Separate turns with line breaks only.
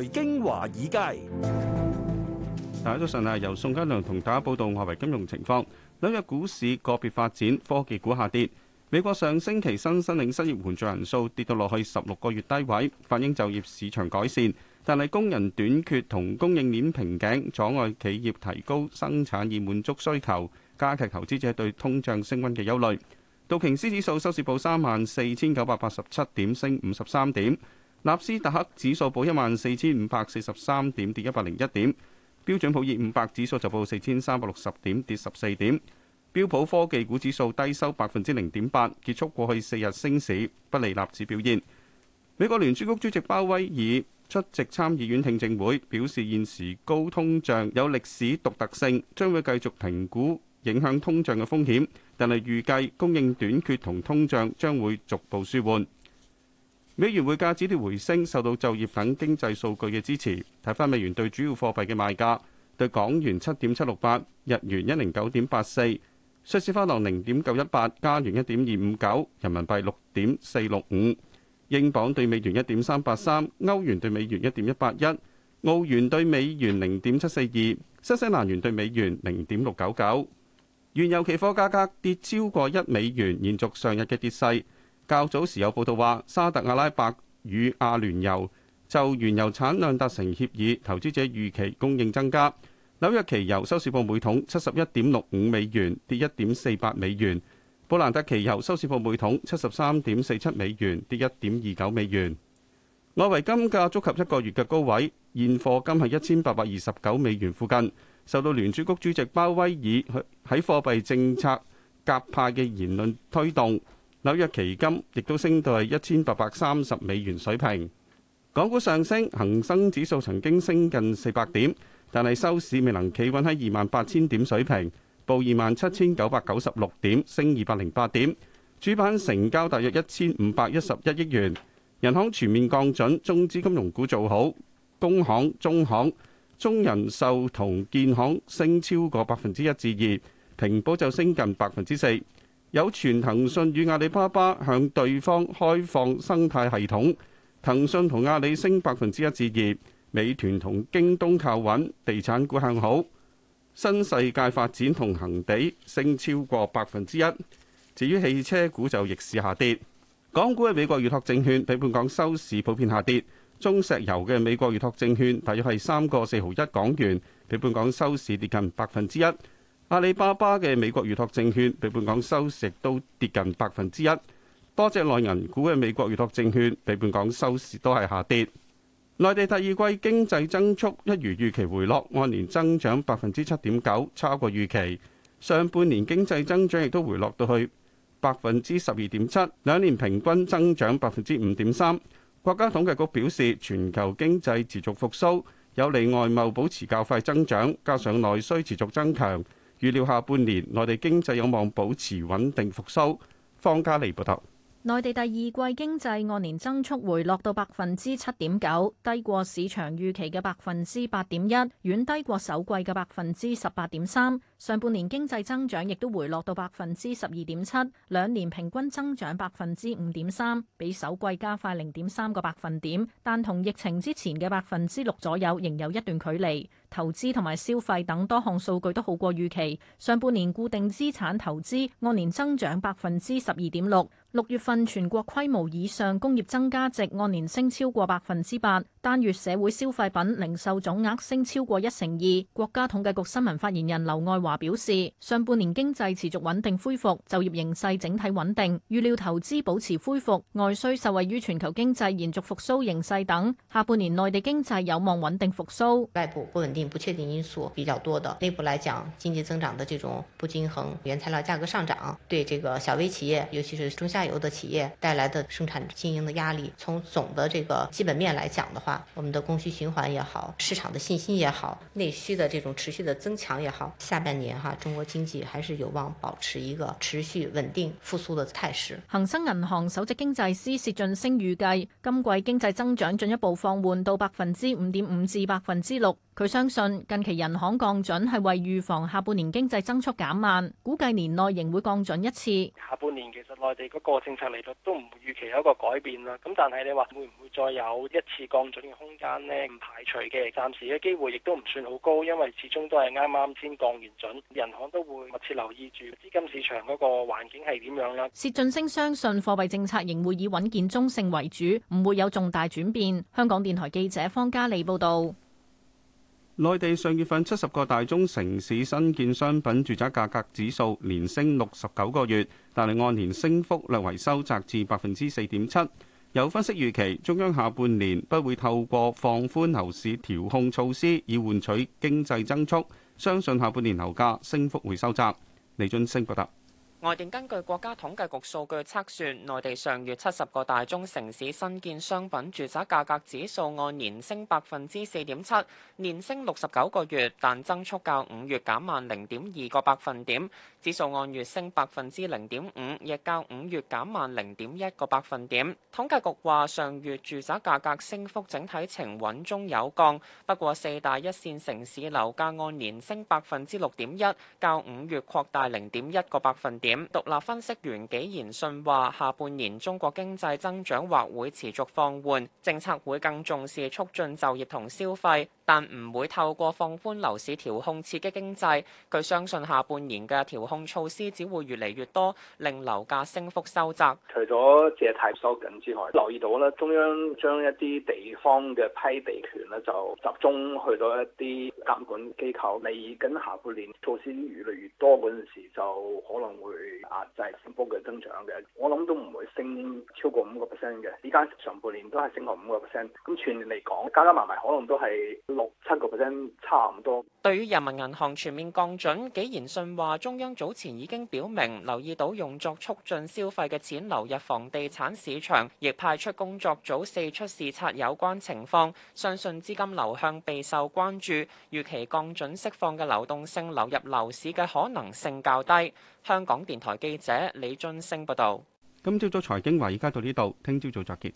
財經華爾街，大家早晨啊！由宋嘉良同大家報道外圍金融情況。紐約股市個別發展，科技股下跌。美國上星期新申領失業援助人數跌到落去十六個月低位，反映就業市場改善。但係工人短缺同供應鏈瓶頸阻礙企業提高生產以滿足需求，加劇投資者對通脹升溫嘅憂慮。道瓊斯指數收市報三萬四千九百八十七點，升五十三點。納斯達克指數報一萬四千五百四十三點，跌一百零一點；標準普爾五百指數就報四千三百六十點，跌十四點。標普科技股指數低收百分之零點八，結束過去四日升市，不利納指表現。美國聯儲局主席鮑威爾出席參議院聽證會，表示現時高通脹有歷史獨特性，將會繼續評估影響通脹嘅風險，但係預計供應短缺同通脹將會逐步舒緩。美元匯價止跌回升，受到就業等經濟數據嘅支持。睇返美元對主要貨幣嘅賣價：對港元七點七六八，日元一零九點八四，瑞士法郎零點九一八，加元一點二五九，人民幣六點四六五，英鎊對美元一點三八三，歐元對美元一點一八一，澳元對美元零點七四二，新西蘭元對美元零點六九九。原油期貨價格跌超過一美元，延續上日嘅跌勢。較早時有報道話，沙特阿拉伯與阿聯酋就原油產量達成協議，投資者預期供應增加。紐約期油收市報每桶七十一點六五美元，跌一點四八美元。布蘭特期油收市報每桶七十三點四七美元，跌一點二九美元。外圍金價觸及一個月嘅高位，現貨金係一千八百二十九美元附近，受到聯儲局主席鮑威爾喺貨幣政策鴿派嘅言論推動。紐約期金亦都升到係一千八百三十美元水平。港股上升，恒生指數曾經升近四百點，但係收市未能企穩喺二萬八千點水平，報二萬七千九百九十六點，升二百零八點。主板成交大約一千五百一十一億元。人行全面降準，中資金融股做好，工行、中行、中人壽同建行升超過百分之一至二，2, 平保就升近百分之四。有傳騰訊與阿里巴巴向對方開放生態系統，騰訊同阿里升百分之一至二，美團同京東靠穩，地產股向好，新世界發展同恆地升超過百分之一。至於汽車股就逆市下跌，港股嘅美國預託證券比本港收市普遍下跌，中石油嘅美國預託證券大約係三個四毫一港元，比本港收市跌近百分之一。阿里巴巴嘅美國預託證券被本港收市都跌近百分之一，多隻內銀股嘅美國預託證券被本港收市都係下跌。內地第二季經濟增速一如預期回落，按年增長百分之七點九，超過預期。上半年經濟增長亦都回落到去百分之十二點七，兩年平均增長百分之五點三。國家統計局表示，全球經濟持續復甦，有利外貿保持較快增長，加上內需持續增強。預料下半年內地經濟有望保持穩定復甦。方家利報道：
內地第二季經濟按年增速回落到百分之七點九，低過市場預期嘅百分之八點一，遠低過首季嘅百分之十八點三。上半年經濟增長亦都回落到百分之十二點七，兩年平均增長百分之五點三，比首季加快零點三個百分點，但同疫情之前嘅百分之六左右仍有一段距離。投資同埋消費等多項數據都好過預期，上半年固定資產投資按年增長百分之十二點六。六月份全國規模以上工業增加值按年升超過百分之八，單月社會消費品零售總額升超過一成二。國家統計局新聞發言人劉愛華表示，上半年經濟持續穩定恢復，就業形勢整體穩定，預料投資保持恢復，外需受惠於全球經濟延續復蘇形勢等，下半年內地經濟有望穩定復蘇。外部不穩定、不確定因素比較多的，內部來講，經濟增長的這種不均衡，原材料價格上漲，對這個小微企業，尤其是中下。油的企業帶來的生產經營的壓力，從總的這個基本面來講的話，我們的供需循環也好，市場的信心也好，內需的這種持續的增強也好，下半年哈，中國經濟還是有望保持一個持續穩定復蘇的態勢。恒生銀行首席經濟師薛俊升預計，今季經濟增長進一步放緩到百分之五點五至百分之六。佢相信近期人行降準係為預防下半年經濟增速減慢，估計年內仍會降準一次。下半年其
實內地個政策利率都唔預期有一個改變啦，咁但係你話會唔會再有一次降準嘅空間呢？唔排除嘅，暫時嘅機會亦都唔算好高，因為始終都係啱啱先降完準，銀行都會密切留意住資金市場嗰個環境係點樣啦。
薛進升相信貨幣政策仍會以穩健中性為主，唔會有重大轉變。香港電台記者方嘉利報道。
內地上月份七十個大中城市新建商品住宅價格指數連升六十九個月，但係按年升幅略為收窄至百分之四點七。有分析預期，中央下半年不會透過放寬樓市調控措施以換取經濟增速，相信下半年樓價升幅會收窄。李俊升報道。
外電根據國家統計局數據測算，內地上月七十個大中城市新建商品住宅價格指數按年升百分之四點七，年升六十九個月，但增速較五月減慢零點二個百分點。指數按月升百分之零點五，亦較五月減慢零點一個百分點。統計局話，上月住宅價格升幅整體呈穩中有降，不過四大一線城市樓價按年升百分之六點一，較五月擴大零點一個百分點。點獨立分析員紀言信話，下半年中國經濟增長或會持續放緩，政策會更重視促進就業同消費。但唔會透過放寬樓市調控刺激經濟。佢相信下半年嘅調控措施只會越嚟越多，令樓價升幅收窄。
除咗借貸收緊之外，留意到咧，中央將一啲地方嘅批地權咧就集中去到一啲監管機構。嚟緊下半年措施越嚟越多嗰陣時，就可能會壓制升幅嘅增長嘅。我諗都唔會升超過五個 percent 嘅。依家上半年都係升過五個 percent，咁全年嚟講加加埋埋可能都係。六七個 percent 差唔
多。對於人民銀行全面降準，紀賢信話：中央早前已經表明留意到用作促進消費嘅錢流入房地產市場，亦派出工作組四出視察有關情況。相信資金流向備受關注，預期降準釋放嘅流動性流入樓市嘅可能性較低。香港電台記者李俊升報道。
今朝早財經華爾街，而家到呢度，聽朝早作結。